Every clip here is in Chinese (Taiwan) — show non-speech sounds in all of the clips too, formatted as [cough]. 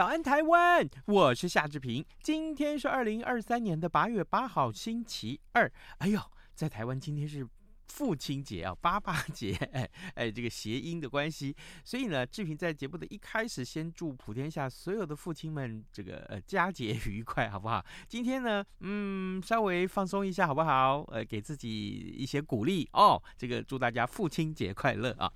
早安，台灣！我是夏志平。今天是二零二三年的八月八號，星期二。哎呦，在台灣今天是。父親節啊，八八節，哎，哎這個諧音的關係，所以呢，志平在節目的一開始先祝普天下所有的父親們這個呃佳節愉快，好不好？今天呢，嗯，稍微放鬆一下，好不好？呃，給自己一些鼓勵哦。這個祝大家父親節快樂啊。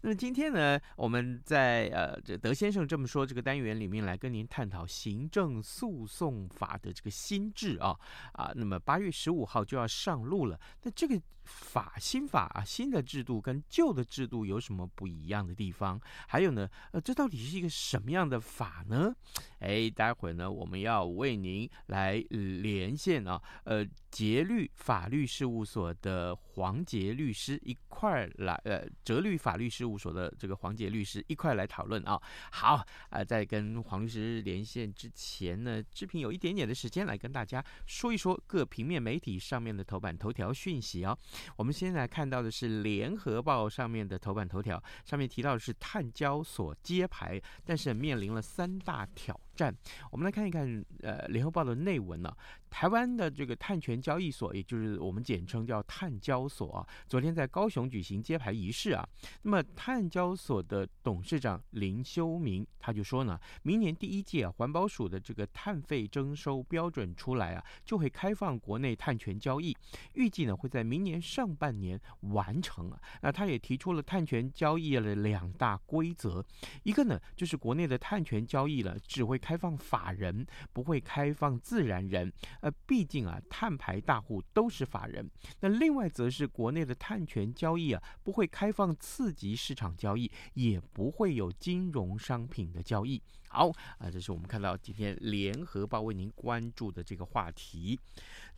那麼今天呢，我們在呃這德先生這麼說這個單元裡面來跟您探討行政訴訟法的這個新制啊啊。那麼八月十五號就要上路了，那這個。法新法啊，新的制度跟舊的制度有什麼不一樣的地方？還有呢，呃，這到底是一個什麼樣的法呢？哎，待會兒呢，我們要為您來連線啊、哦，呃，喆律法律事務所的黃杰律師一塊兒來，呃，喆律法律事務所的這個黃杰律師一塊來討論啊。好啊、呃，在跟黃律師連線之前呢，志平有一點點的時間來跟大家說一說各平面媒體上面的頭版頭條訊息啊、哦。我們現在看到的是《聯合報》上面的頭版頭條，上面提到的是碳交所揭牌，但是面臨了三大挑。站我們來看一看，呃，《聯合報》的內文呢、啊，台灣的這個碳權交易所，也就是我們簡稱叫碳交所啊，昨天在高雄舉行揭牌儀式啊。那麼碳交所的董事長林修明他就說呢，明年第一屆、啊、環保署的這個碳費徵收標準出來啊，就會開放國內碳權交易，預計呢會在明年上半年完成、啊。那他也提出了碳權交易的兩大規則，一個呢就是國內的碳權交易了只會。開放法人，不會開放自然人，呃，畢竟啊，碳排大戶都是法人。那另外則是國內的碳權交易啊，不會開放次級市場交易，也不會有金融商品的交易。好啊，這是我們看到今天聯合報為您關注的這個話題。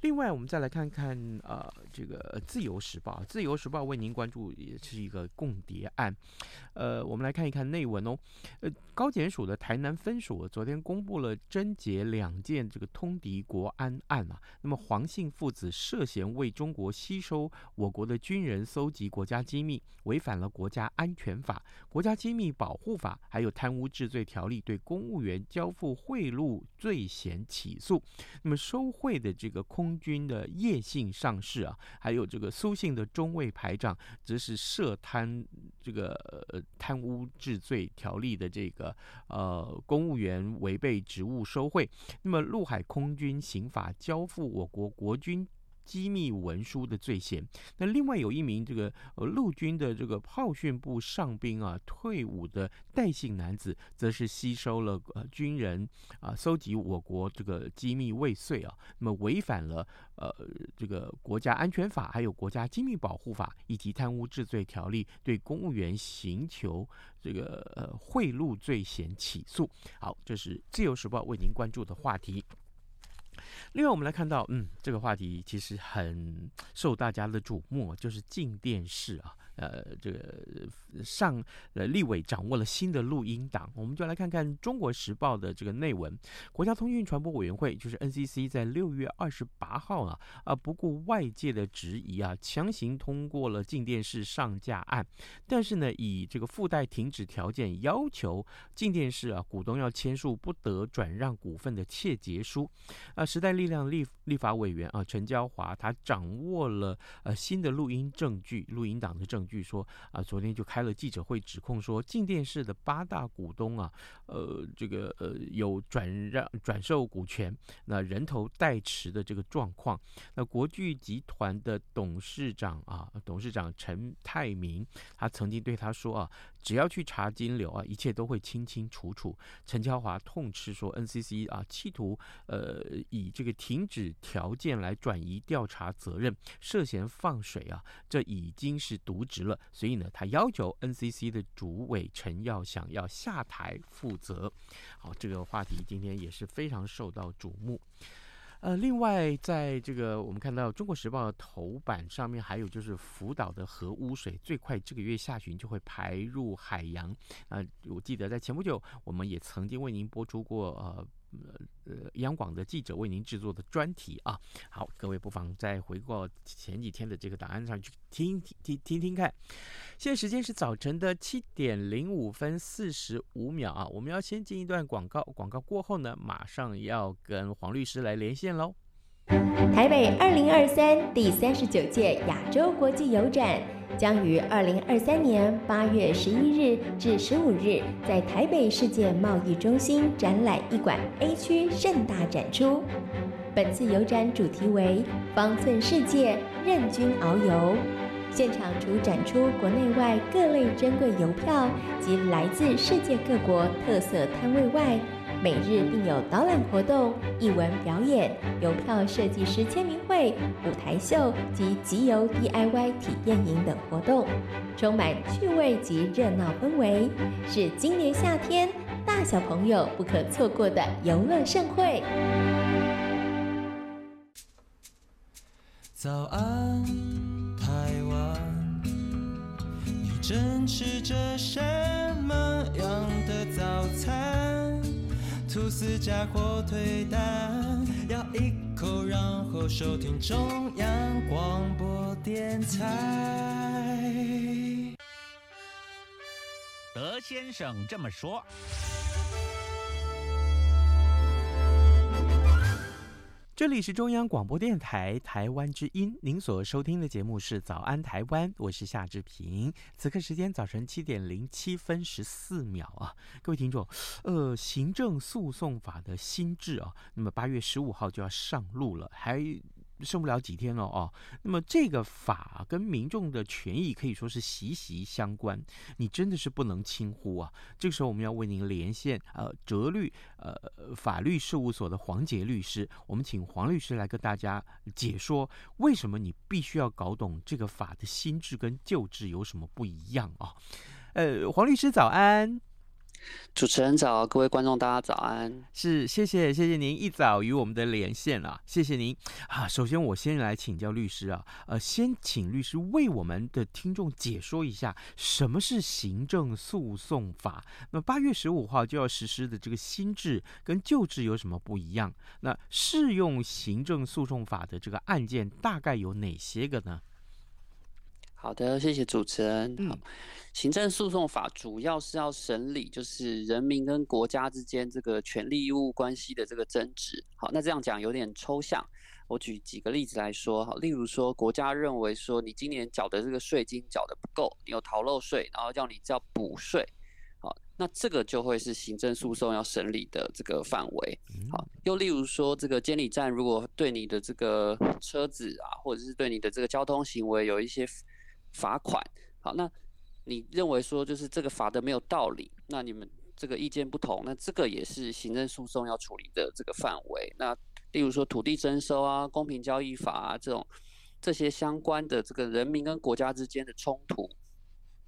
另外，我們再來看看啊、呃，這個自由時報，自由時報為您關注也是一個共諜案。呃，我們來看一看內文哦。呃，高檢署的台南分署昨天公布了偵結兩件這個通敵國安案啊。那麼，黃姓父子涉嫌為中國吸收我國的軍人，搜集國家機密，違反了國家安全法、國家機密保護法，還有貪污治罪條例對。公務員交付賄賂，罪嫌起訴。那麼收賄的這個空軍的葉姓上士啊，還有這個蘇姓的中尉排長，則是涉貪這個貪污治罪條例的這個呃公務員違背職務收賄。那麼陸海空軍刑法交付我國國軍。機密文書的罪嫌，那另外有一名這個呃陸軍的這個炮訓部上兵啊，退伍的戴姓男子，則是吸收了呃軍人啊，蒐集我國這個機密未遂啊，那麼違反了呃這個國家安全法，還有國家機密保護法以及貪污治罪條例，對公務員行求這個呃賄賂罪嫌起訴。好，這是自由時報為您關注的話題。另外，我們來看到，嗯，這個話題其實很受大家的矚目，就是靜電視啊。呃，這個上呃立委掌握了新的錄音檔，我們就來看看《中國時報》的這個內文。國家通訊傳播委員會就是 NCC，在六月二十八號啊，啊，不顧外界的質疑啊，強行通過了鏡電視上架案。但是呢，以這個附帶停止條件，要求鏡電視啊股東要簽署不得轉讓股份的切結書。啊，時代力量立立法委員啊陳椒華，他掌握了呃、啊、新的錄音證據，錄音檔的證據。據說啊，昨天就開了記者會，指控說靜電視的八大股東啊，呃，這個呃有轉讓轉售股權、那人頭代持的這個狀況。那國際集團的董事長啊，董事長陳泰明，他曾經對他說啊。只要去查金流啊，一切都會清清楚楚。陳喬華痛斥說：“NCC 啊，企圖呃以這個停止條件來轉移調查責任，涉嫌放水啊，這已經是瀆職了。所以呢，他要求 NCC 的主委陳耀祥要下台負責。”好，這個話題今天也是非常受到矚目。呃，另外，在這個我們看到《中國時報》的頭版上面，還有就是福島的核污水，最快這個月下旬就會排入海洋。呃，我記得在前不久，我們也曾經為您播出過，呃。呃呃，央廣的記者為您制作的專題啊，好，各位不妨再回過前幾天的這個檔案上去聽聽聽聽聽看。現在時間是早晨的七點零五分四十五秒啊，我們要先進一段廣告，廣告過後呢，馬上要跟黃律師來連線嘍。台北2023第三十九屆亞洲國際郵展將於2023年8月11日至15日在台北世界貿易中心展覽一館 A 區盛大展出。本次郵展主題為“方寸世界，任君遨遊”。現場除展出國內外各類珍貴郵票及來自世界各國特色攤位外，每日定有導覽活動、藝文表演、郵票設計師簽名會、舞台秀及集郵 DIY 體驗營等活動，充滿趣味及熱鬧氛圍，是今年夏天大小朋友不可錯過的遊樂盛會。早安，台灣，你正吃着什麼樣吐司加火腿蛋，咬一口，然後收聽中央廣播電台。德先生這麼說。這裡是中央廣播電台台灣之音，您所收聽的節目是《早安台灣》，我是夏志平。此刻時間早晨七點零七分十四秒啊，各位聽眾，呃，行政訴訟法的新制啊，那麼八月十五號就要上路了，還剩不了幾天了哦，那麼這個法跟民眾的權益可以說是息息相關，你真的是不能輕忽啊！這個時候我們要為您連線呃喆律呃法律事務所的黃杰律師，我們請黃律師來跟大家解說，為什麼你必須要搞懂這個法的新制跟舊制有什麼不一樣啊？呃，黃律師早安。主持人早，各位觀眾大家早安。是，謝謝謝謝您一早與我們的連線了，啊，謝謝您啊。首先我先來請教律師啊，呃，先請律師為我們的聽眾解說一下什麼是行政訴訟法。那八月十五號就要實施的這個新制跟舊制有什麼不一樣？那適用行政訴訟法的這個案件大概有哪些個呢？好的，謝謝主持人。好，行政訴訟法主要是要審理，就是人民跟國家之間這個權利義務關係的這個爭執。好，那這樣講有點抽象，我舉幾個例子來說。好，例如說，國家認為說你今年繳的這個稅金繳的不夠，你有逃漏稅，然後叫你交補稅。好，那這個就會是行政訴訟要審理的這個範圍。好，又例如說，這個監理站如果對你的這個車子啊，或者是對你的這個交通行為有一些。罰款，好，那你認為說就是這個罰的沒有道理，那你們這個意見不同，那這個也是行政訴訟要處理的這個範圍。那例如說土地徵收啊、公平交易法啊這種這些相關的這個人民跟國家之間的衝突，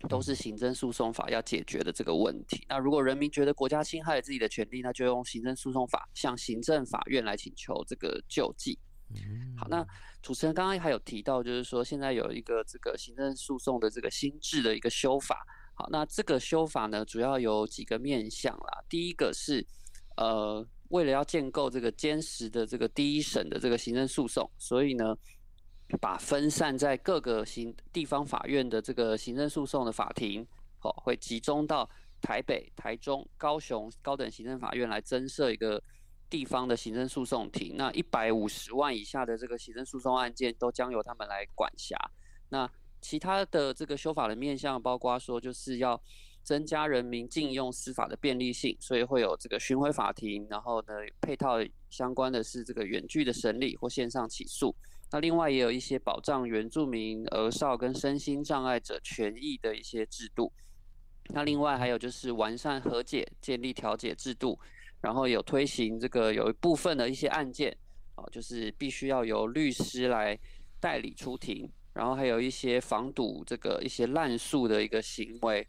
都是行政訴訟法要解決的這個問題。那如果人民覺得國家侵害了自己的權利，那就用行政訴訟法向行政法院來請求這個救濟。好，那主持人剛剛還有提到，就是說，現在有一個這個行政訴訟的這個新制的一個修法。好，那這個修法呢，主要有幾個面向啦。第一個是，呃，為了要建構這個堅實的這個第一審的這個行政訴訟，所以呢，把分散在各個行地方法院的這個行政訴訟的法庭，哦，會集中到台北、台中、高雄高等行政法院來增設一個地方的行政訴訟庭，那一百五十萬以下的這個行政訴訟案件都將由他們來管轄。那其他的這個修法的面向，包括說就是要增加人民近用司法的便利性，所以會有這個巡迴法庭。然後呢，配套相關的是這個遠距的審理或線上起訴。那另外也有一些保障原住民兒少跟身心障礙者權益的一些制度。那另外還有就是完善和解，建立調解制度。然後有推行這個，有一部分的一些案件，啊、哦，就是必須要由律師來代理出庭，然後還有一些防堵這個一些濫訴的一個行為，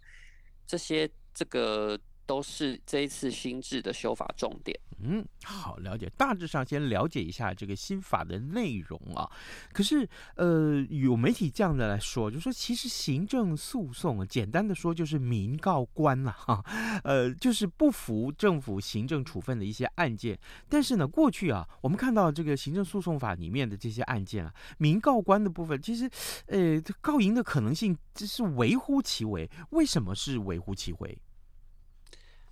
這些這個。都是這一次新制的修法重點。嗯，好，了解。大致上先了解一下這個新法的內容啊。可是，呃，有媒體這樣的來說，就說其實行政訴訟啊，簡單的說就是民告官啊，哈、啊。呃，就是不服政府行政處分的一些案件。但是呢，過去啊，我們看到這個行政訴訟法裡面的這些案件啊，民告官的部分，其實呃，告贏的可能性這是微乎其微。為什麼是微乎其微？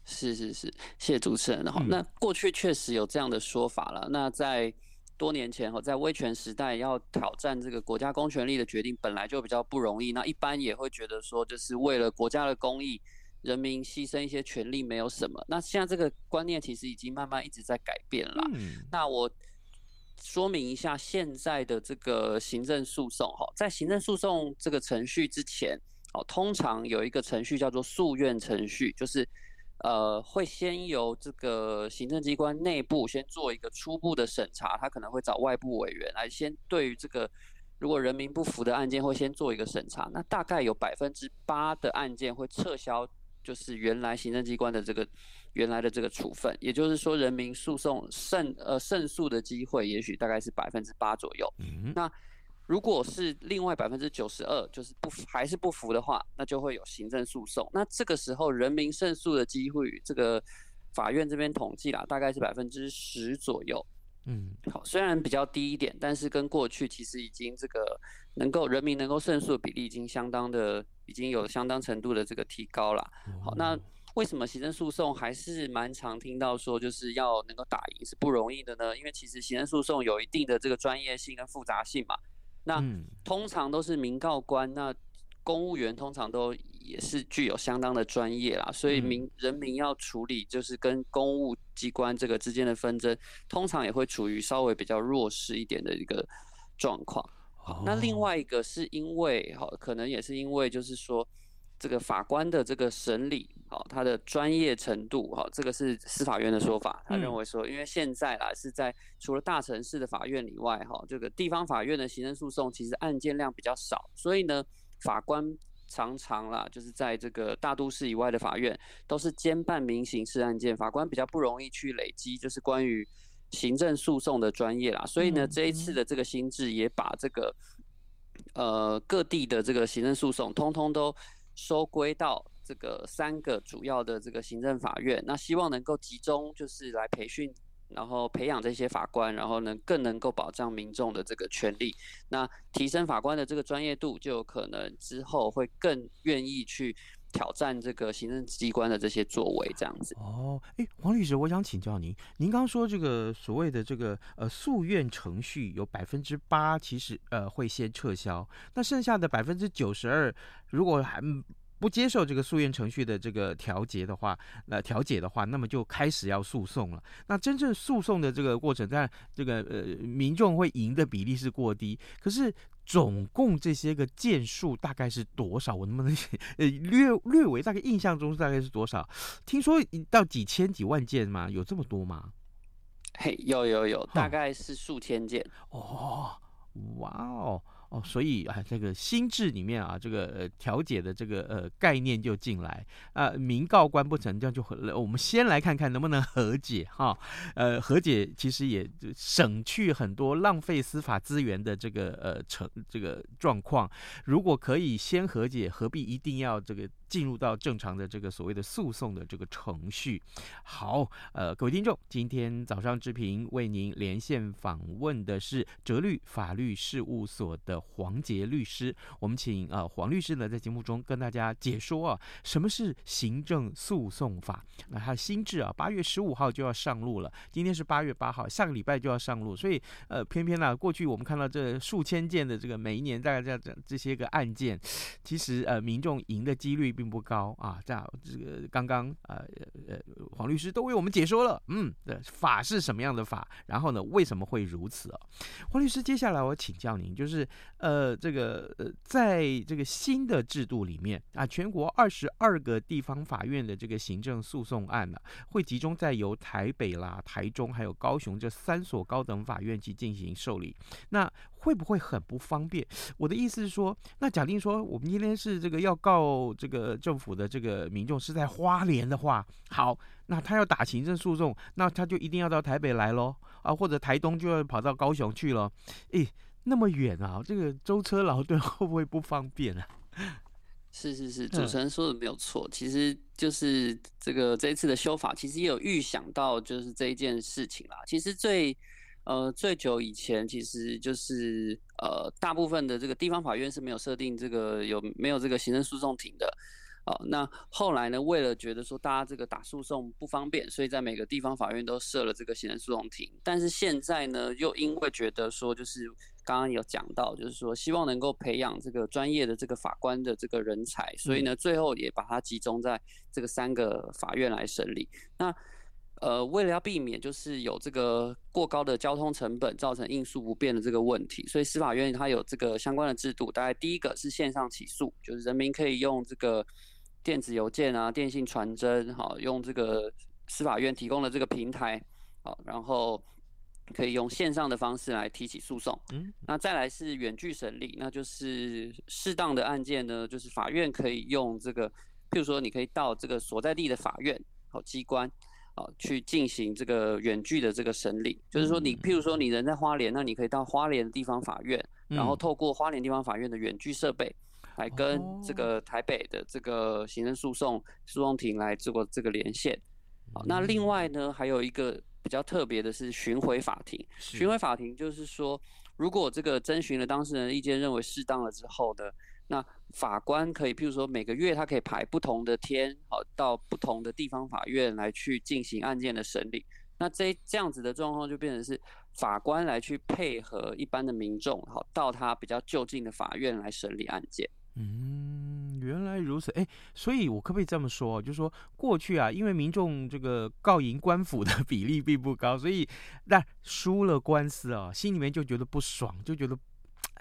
是是是，謝謝主持人。然後，那過去確實有這樣的說法了。那在多年前，在威權時代，要挑戰這個國家公權力的決定本來就比較不容易。那一般也會覺得說，就是為了國家的公益，人民犧牲一些權利沒有什麼。那現在這個觀念其實已經慢慢一直在改變了。那我說明一下，現在的這個行政訴訟，哈，在行政訴訟這個程序之前，哦，通常有一個程序叫做訴願程序，就是。呃，會先由這個行政機關內部先做一個初步的審查，他可能會找外部委員來先對於這個如果人民不服的案件，會先做一個審查。那大概有百分之八的案件會撤銷，就是原來行政機關的這個原來的這個處分，也就是說人民訴訟勝呃勝訴的機會，也許大概是百分之八左右。嗯，那。如果是另外百分之九十二，就是不服還是不服的話，那就會有行政訴訟。那這個時候人民勝訴的機會，這個法院這邊統計啦，大概是百分之十左右。嗯，好，雖然比較低一點，但是跟過去其實已經這個能夠人民能夠勝訴的比例已經相當的，已經有相當程度的這個提高了。好，那為什麼行政訴訟還是蠻常聽到說就是要能夠打贏是不容易的呢？因為其實行政訴訟有一定的這個專業性跟複雜性嘛。那通常都是民告官，那公務員通常都也是具有相當的專業啦，所以民人民要處理就是跟公務機關這個之間的紛爭，通常也會處於稍微比較弱勢一點的一個狀況。Oh. 那另外一個是因為，哈，可能也是因為就是說。這個法官的這個審理，好、哦，他的專業程度，哈、哦，這個是司法院的說法。他認為說，因為現在啦是在除了大城市的法院以外，哈、哦，這個地方法院的行政訴訟其實案件量比較少，所以呢，法官常常啦就是在這個大都市以外的法院都是兼辦民刑事案件，法官比較不容易去累積就是關於行政訴訟的專業啦，所以呢，這一次的這個新制也把這個呃各地的這個行政訴訟通通都。收歸到這個三個主要的這個行政法院，那希望能夠集中，就是來培訓，然後培養這些法官，然後能更能夠保障民眾的這個權利，那提升法官的這個專業度，就有可能之後會更願意去。挑戰這個行政機關的這些作為，這樣子哦。哎、欸，黃律師，我想請教您，您剛說這個所謂的這個呃訴願程序有百分之八，其實呃會先撤銷，那剩下的百分之九十二，如果還不接受這個訴願程序的這個調解的話，那調解的話，那麼就開始要訴訟了。那真正訴訟的這個過程，當然這個呃民眾會贏的比例是過低，可是。總共這些個件數大概是多少？我能不能略略微大概印象中大概是多少？聽說到幾千幾萬件嗎？有這麼多嗎？嘿，hey，有有有，嗯、大概是數千件哦，哇哦。哦，所以啊，這個新制裡面啊，這個呃調解的這個呃概念就進來，呃，民告官不成，這樣就回來，我們先來看看能不能和解哈，呃，和解其實也就省去很多浪費司法資源的這個呃成這個狀況，如果可以先和解，何必一定要這個？進入到正常的這個所謂的訴訟的這個程序。好，呃，各位聽眾，今天早上志平為您連線訪問的是哲律法律事務所的黃杰律師。我們請呃黃律師呢在節目中跟大家解說啊什麼是行政訴訟法？那他新制啊，八月十五號就要上路了。今天是八月八號，下個禮拜就要上路。所以呃，偏偏呢、啊，過去我們看到這數千件的這個每一年大概在這這些個案件，其實呃，民眾贏的幾率，並不高啊，這樣這個剛剛呃呃黃律師都為我們解說了，嗯，法是什麼樣的法，然後呢為什麼會如此啊？黃律師，接下來我請教您，就是呃這個呃在這個新的制度裡面啊，全國二十二個地方法院的這個行政訴訟案呢，啊，會集中在由台北啦、台中還有高雄這三所高等法院去進行受理，那。會不會很不方便？我的意思是說，那假定說我們今天是這個要告這個政府的這個民眾是在花蓮的話，好，那他要打行政訴訟，那他就一定要到台北來嘍，啊，或者台東就要跑到高雄去咯。誒、欸，那麼遠啊，這個舟車勞頓會不會不方便啊？是是是，主持人說的沒有錯，嗯、其實就是這個這一次的修法其實也有預想到就是這一件事情啦，其實最。呃，最久以前其實就是呃，大部分的這個地方法院是沒有設定這個有沒有這個行政訴訟庭的，呃那後來呢，為了覺得說大家這個打訴訟不方便，所以在每個地方法院都設了這個行政訴訟庭。但是現在呢，又因為覺得說就是剛剛有講到，就是說希望能夠培養這個專業的這個法官的這個人才，所以呢，最後也把它集中在這個三個法院來審理。那呃，為了要避免就是有這個過高的交通成本造成應訴不便的這個問題，所以司法院它有這個相關的制度。大概第一個是線上起訴，就是人民可以用這個電子郵件啊、電信傳真，好，用這個司法院提供的這個平台，好，然後可以用線上的方式來提起訴訟。嗯，那再來是遠距審理，那就是適當的案件呢，就是法院可以用這個，譬如說你可以到這個所在地的法院，好，機關。啊，去進行這個遠距的這個審理，就是說，你譬如說你人在花蓮，那你可以到花蓮地方法院，然後透過花蓮地方法院的遠距設備，來跟這個台北的這個行政訴訟訴訟庭來做這個連線。好，那另外呢，還有一個比較特別的是巡迴法庭。巡迴法庭就是說，如果這個徵詢了當事人的意見，認為適當了之後的。那法官可以，譬如說每個月他可以排不同的天，好，到不同的地方法院來去進行案件的審理。那這這樣子的狀況就變成是法官來去配合一般的民眾，好，到他比較就近的法院來審理案件。嗯，原來如此。哎、欸，所以我可不可以這麼說，哦，就是說過去啊，因為民眾這個告贏官府的比例並不高，所以那輸了官司啊，哦，心裡面就覺得不爽，就覺得。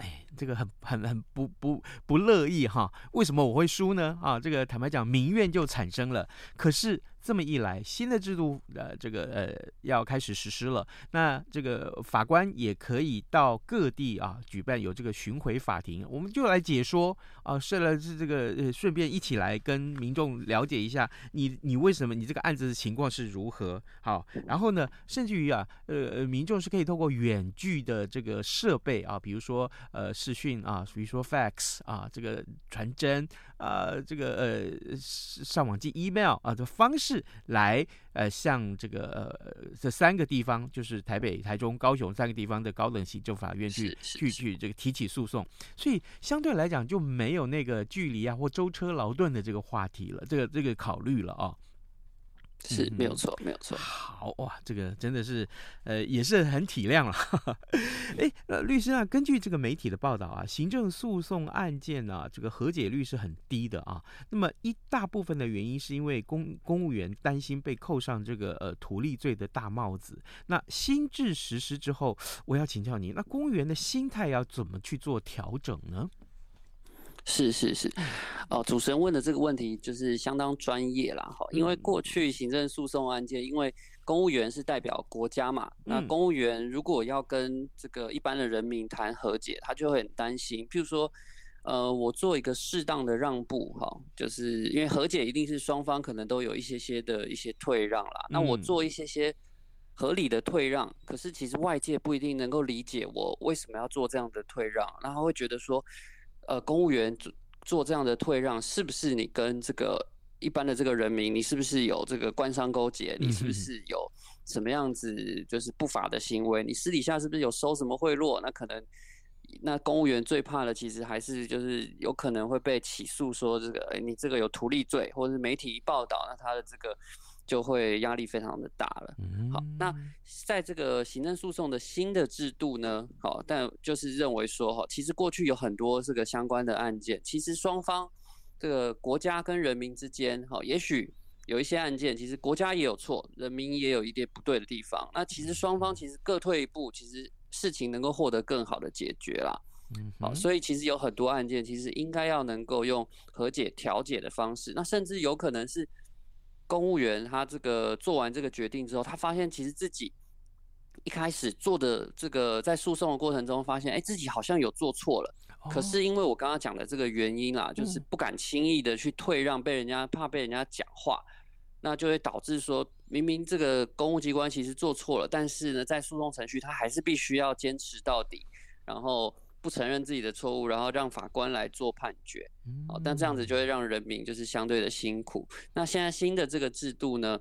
哎，這個很很很不不不樂意哈，為什麼我會輸呢？啊，這個坦白講，民怨就產生了。可是。這麼一來，新的制度呃，這個呃要開始實施了。那這個法官也可以到各地啊舉辦有這個巡迴法庭，我們就來解說啊，是、呃、了，是這個、呃、順便一起來跟民眾了解一下你你為什麼你這個案子的情況是如何好。然後呢，甚至於啊，呃呃，民眾是可以透過遠距的這個設備啊，比如說呃視訊啊，比如說 fax 啊，這個傳真啊、呃，這個呃上網寄 email 啊的方式。是來呃向這個呃這三個地方，就是台北、台中、高雄三個地方的高等行政法院去去去這個提起訴訟，所以相對來講就沒有那個距離啊或舟車勞頓的這個話題了，這個這個考慮了啊。是嗯嗯，沒有錯，沒有錯。好哇，這個真的是，呃，也是很體諒了。哎， [laughs] 那律師啊，根據這個媒體的報道啊，行政訴訟案件呢、啊，這個和解率是很低的啊。那麼一大部分的原因是因為公公務員擔心被扣上這個呃圖利罪的大帽子。那新制實施之後，我要請教您，那公務員的心態要怎麼去做調整呢？是是是，哦，主持人問的這個問題就是相當專業啦哈。因為過去行政訴訟案件，因為公務員是代表國家嘛，那公務員如果要跟這個一般的人民談和解，他就會很擔心。譬如說，呃，我做一個適當的讓步哈，就是因為和解一定是雙方可能都有一些些的一些退讓啦。那我做一些些合理的退讓，可是其實外界不一定能夠理解我為什麼要做這樣的退讓，然後會覺得說。呃，公務員做做這樣的退讓，是不是你跟這個一般的這個人民，你是不是有這個官商勾結？你是不是有什麼樣子就是不法的行為？你私底下是不是有收什麼賄賂？那可能，那公務員最怕的其實還是就是有可能會被起訴，說這個、欸、你這個有圖利罪，或者是媒體一報道，那他的這個。就會壓力非常的大了。好，那在這個行政訴訟的新的制度呢？好，但就是認為說，哈，其實過去有很多這個相關的案件，其實雙方這個國家跟人民之間，哈，也許有一些案件，其實國家也有錯，人民也有一點不對的地方。那其實雙方其實各退一步，其實事情能夠獲得更好的解決啦。好，所以其實有很多案件，其實應該要能夠用和解、調解的方式，那甚至有可能是。公務員他這個做完這個決定之後，他發現其實自己一開始做的這個，在訴訟的過程中發現，哎，自己好像有做錯了。可是因為我剛剛講的這個原因啊，就是不敢輕易的去退讓，被人家怕被人家講話，那就會導致說明明這個公務機關其實做錯了，但是呢，在訴訟程序他還是必須要堅持到底，然後。不承認自己的錯誤，然後讓法官來做判決，好、嗯，但這樣子就會讓人民就是相對的辛苦。那現在新的這個制度呢，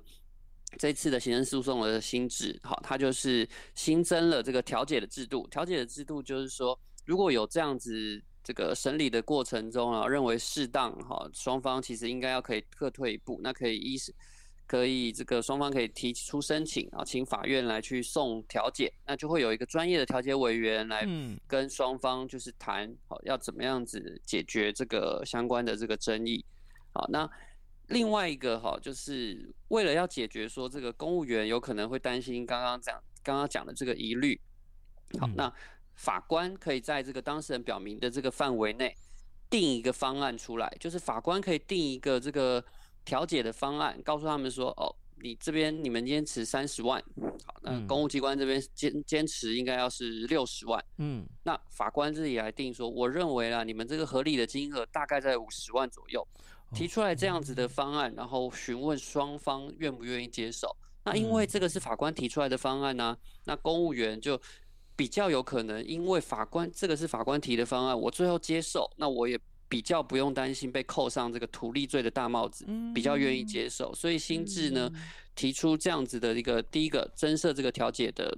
這次的行政訴訟的新制，好，它就是新增了這個調解的制度。調解的制度就是說，如果有這樣子這個審理的過程中啊，認為適當，哈，雙方其實應該要可以各退一步，那可以依。可以，這個雙方可以提出申請，然後請法院來去送調解，那就會有一個專業的調解委員來跟雙方就是談，好要怎麼樣子解決這個相關的這個爭議。好，那另外一個哈，就是為了要解決說這個公務員有可能會擔心剛剛講剛剛講的這個疑慮。好，那法官可以在這個當事人表明的這個範圍內定一個方案出來，就是法官可以定一個這個。調解的方案，告訴他們說：“哦，你這邊你們堅持三十萬，嗯、好，那公務機關這邊堅堅持應該要是六十萬，嗯，那法官自己來定說，我認為啦，你們這個合理的金額大概在五十萬左右，提出來這樣子的方案，然後詢問雙方願不願意接受。那因為這個是法官提出來的方案呢、啊，嗯、那公務員就比較有可能，因為法官這個是法官提的方案，我最後接受，那我也。”比較不用擔心被扣上這個圖利罪的大帽子，嗯、比較願意接受。所以新制呢，嗯、提出這樣子的一個第一個增設這個調解的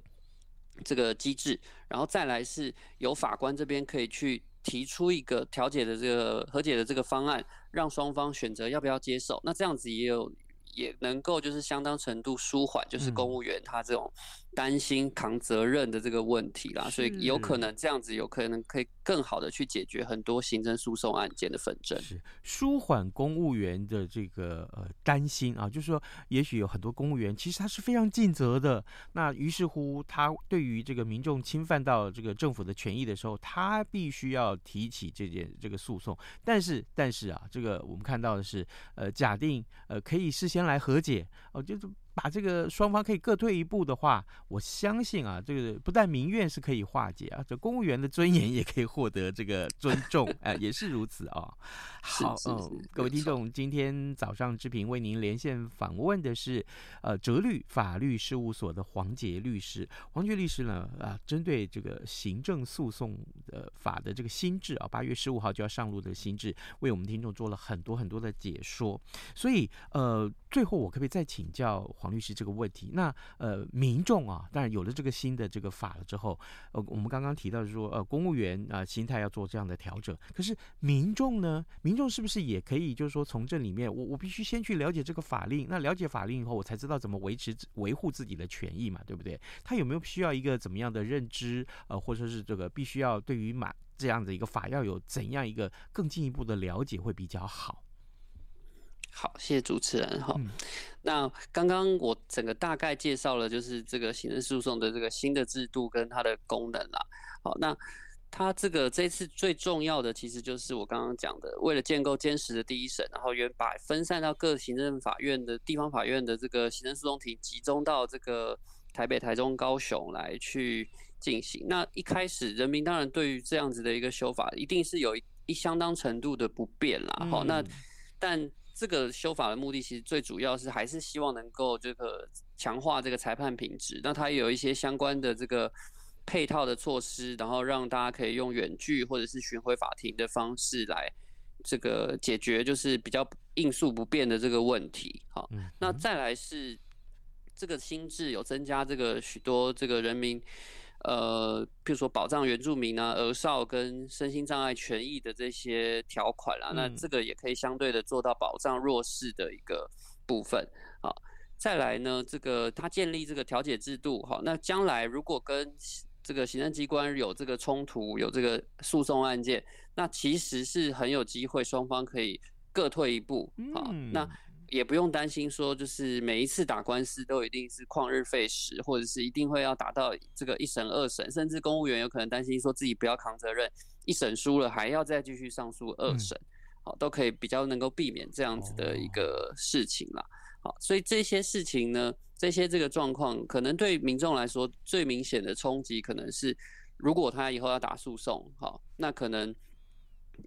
這個機制，然後再來是由法官這邊可以去提出一個調解的這個和解的這個方案，讓雙方選擇要不要接受。那這樣子也有也能夠就是相當程度舒緩，就是公務員他這種。擔心扛責任的這個問題啦，是所以有可能這樣子有可能可以更好的去解決很多行政訴訟案件的紛爭，舒緩公務員的這個呃擔心啊，就是說也許有很多公務員其實他是非常盡責的，那於是乎他對於這個民眾侵犯到這個政府的權益的時候，他必須要提起這件這個訴訟，但是但是啊，這個我們看到的是呃假定呃可以事先來和解哦、呃，就是。把這個雙方可以各退一步的話，我相信啊，這個不但民怨是可以化解啊，這公務員的尊嚴也可以獲得這個尊重，哎、 [laughs] 啊，也是如此啊、哦。好，嗯， [laughs] 呃、各位聽眾，嗯、今天早上志平為您連線訪問的是呃哲律法律事務所的黃杰律師。黃杰律師呢，啊，針對這個行政訴訟的法的這個新制啊，八月十五號就要上路的新制，為我們聽眾做了很多很多的解說。所以，呃，最後我可不可以再請教？黃律師，這個問題，那呃，民眾啊，當然有了這個新的這個法了之後，呃，我們剛剛提到的說，呃，公務員啊、呃，心態要做這樣的調整。可是民眾呢，民眾是不是也可以，就是說從這裡面我，我我必須先去了解這個法令，那了解法令以後，我才知道怎麼維持維護自己的權益嘛，對不對？他有沒有需要一個怎麼樣的認知，呃，或者說是這個必須要對於馬這樣的一個法要有怎樣一個更進一步的了解會比較好？好，謝謝主持人。好，那剛剛我整個大概介紹了，就是這個行政訴訟的這個新的制度跟它的功能啦。好，那它這個這次最重要的其實就是我剛剛講的，為了建構堅實的第一審，然後原本分散到各行政法院的地方法院的這個行政訴訟庭，集中到這個台北、台中、高雄來去進行。那一開始人民當然對於這樣子的一個修法，一定是有一相當程度的不便啦。好，嗯、那但。這個修法的目的，其實最主要是還是希望能夠這個強化這個裁判品質。那它也有一些相關的這個配套的措施，然後讓大家可以用遠距或者是巡迴法庭的方式來這個解決，就是比較應訴不便的這個問題。好，那再來是這個新制有增加這個許多這個人民。呃，譬如說保障原住民啊、兒少跟身心障礙權益的這些條款啊，嗯。那這個也可以相對的做到保障弱勢的一個部分。好，再來呢，這個他建立這個調解制度，好，那將來如果跟這個行政機關有這個衝突、有這個訴訟案件，那其實是很有機會雙方可以各退一步。好，那、嗯也不用擔心說，就是每一次打官司都一定是曠日費時，或者是一定會要打到這個一審、二審，甚至公務員有可能擔心說自己不要扛責任，一審輸了還要再繼續上訴二審，嗯、好，都可以比較能夠避免這樣子的一個事情啦。好，所以這些事情呢，這些這個狀況，可能對民眾來說最明顯的衝擊，可能是如果他以後要打訴訟，好，那可能。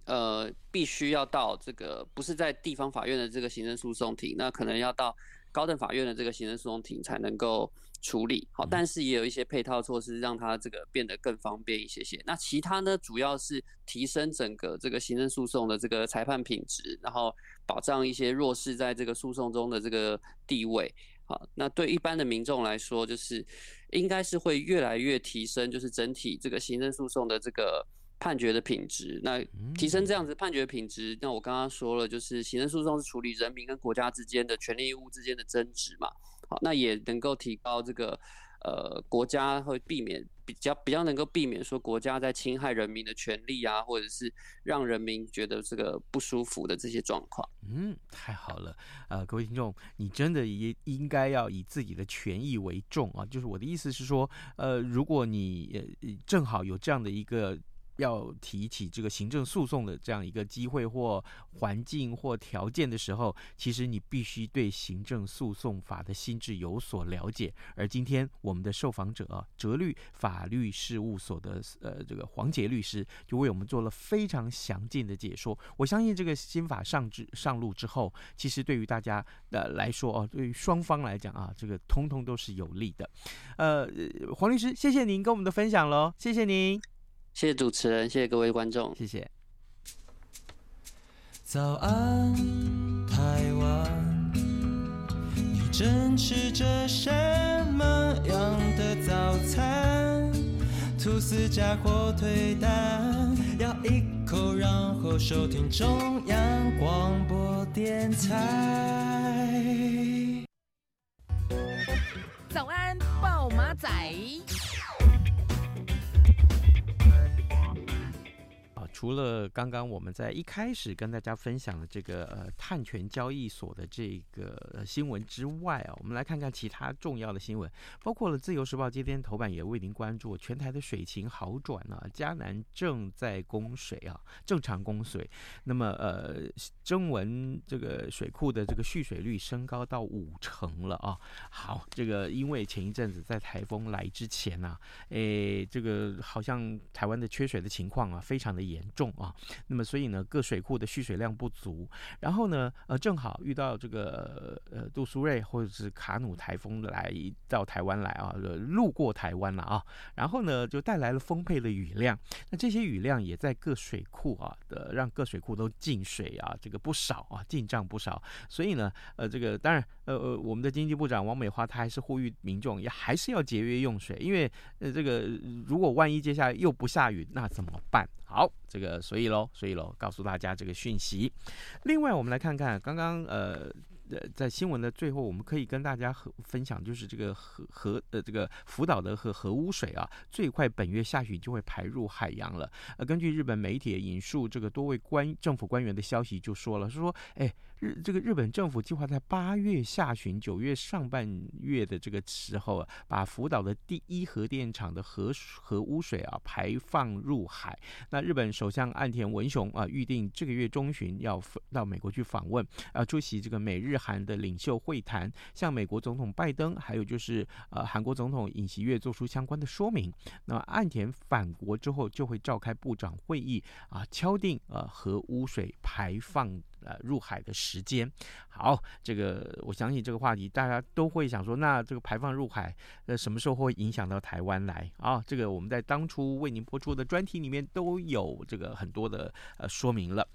呃，必須要到這個不是在地方法院的這個行政訴訟庭，那可能要到高等法院的這個行政訴訟庭才能夠處理。好，但是也有一些配套措施，讓它這個變得更方便一些些。那其他呢，主要是提升整個這個行政訴訟的這個裁判品質，然後保障一些弱勢在這個訴訟中的這個地位。好，那對一般的民眾來說，就是應該是會越來越提升，就是整體這個行政訴訟的這個。判決的品質，那提升這樣子判決品質，嗯、那我剛剛說了，就是行政訴訟是處理人民跟國家之間的權利義務之間的爭執嘛，好，那也能夠提高這個，呃，國家會避免比較比較能夠避免說國家在侵害人民的權利啊，或者是讓人民覺得這個不舒服的這些狀況。嗯，太好了，呃，各位聽眾，你真的也應該要以自己的權益為重啊，就是我的意思是說，呃，如果你正好有這樣的一個。要提起這個行政訴訟的這樣一個機會或環境或條件的時候，其實你必須對行政訴訟法的新制有所了解。而今天我們的受訪者、啊，哲律法律事務所的呃這個黃杰律師，就為我們做了非常詳盡的解說。我相信這個新法上之上路之後，其實對於大家的來說啊、哦，對於雙方來講啊，這個通通都是有利的。呃，黃律師，謝謝您跟我們的分享嘍，謝謝您。謝謝主持人，謝謝各位觀眾，謝謝。早安，台灣，你正吃着什麼樣的早餐？吐司加火腿蛋，咬一口，然後收聽中央廣播電台。早安，報馬仔。除了剛剛我們在一開始跟大家分享的這個呃碳權交易所的這個、呃、新聞之外啊，我們來看看其他重要的新聞，包括了《自由時報》今天頭版也為您關注，全台的水情好轉啊，嘉南正在供水啊，正常供水。那麼呃，曾文這個水庫的這個蓄水率升高到五成了啊。好，這個因為前一陣子在台風來之前呢、啊，哎，這個好像台灣的缺水的情況啊，非常的嚴重。重啊，那麼所以呢，各水庫的蓄水量不足，然後呢，呃，正好遇到這個呃杜蘇芮或者是卡努颱風來到台灣來啊，路過台灣了啊，然後呢，就帶來了豐沛的雨量，那這些雨量也在各水庫啊的讓各水庫都進水啊，這個不少啊，進賬不少，所以呢，呃，這個當然呃呃，我們的經濟部長王美花她還是呼籲民眾也還是要節約用水，因為呃這個如果萬一接下來又不下雨，那怎麼辦？好，這個所以咯，所以咯，告訴大家這個訊息。另外，我們來看看剛剛呃呃，在新聞的最後，我們可以跟大家和分享，就是這個核核呃這個福島的核核污水啊，最快本月下旬就會排入海洋了。呃，根據日本媒體引述這個多位官政府官員的消息，就說了，是說哎。日這個日本政府計劃在八月下旬、九月上半月的這個時候啊，把福島的第一核電廠的核、核污水啊排放入海。那日本首相岸田文雄啊，預定這個月中旬要到美國去訪問啊，出席這個美日韓的領袖會談，向美國總統拜登，還有就是呃、啊、韓國總統尹錫悅做出相關的說明。那麼岸田返國之後，就會召開部長會議啊，敲定呃、啊、核污水排放。呃，入海的時間，好，這個我相信這個話題大家都會想說，那這個排放入海，那什麼時候會影響到台灣來啊？這個我們在當初為您播出的專題裡面都有這個很多的呃說明了。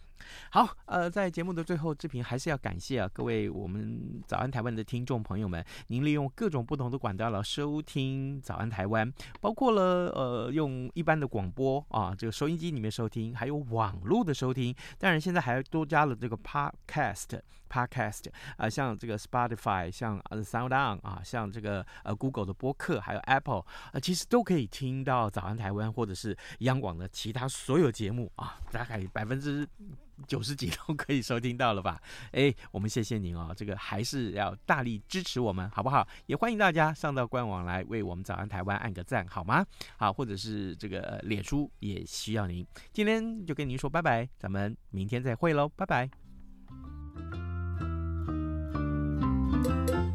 好，呃，在節目的最後，志平還是要感謝啊各位我們早安台灣的聽眾朋友們，您利用各種不同的管道來收聽早安台灣，包括了呃用一般的廣播啊這個收音機裡面收聽，還有網絡的收聽，當然現在還多加了這個 podcast。Podcast、呃、ify, own, 啊，像這個 Spotify，像 Sound On 啊，像這個呃 Google 的播客，還有 Apple 啊、呃，其實都可以聽到《早安台灣》或者是央廣的其他所有節目啊，大概百分之九十幾都可以收聽到了吧？誒、哎，我們謝謝您哦，這個還是要大力支持我們，好不好？也歡迎大家上到官網來為我們《早安台灣》按個讚，好嗎？好，或者是這個臉書也需要您。今天就跟您說拜拜，咱們明天再會嘍，拜拜。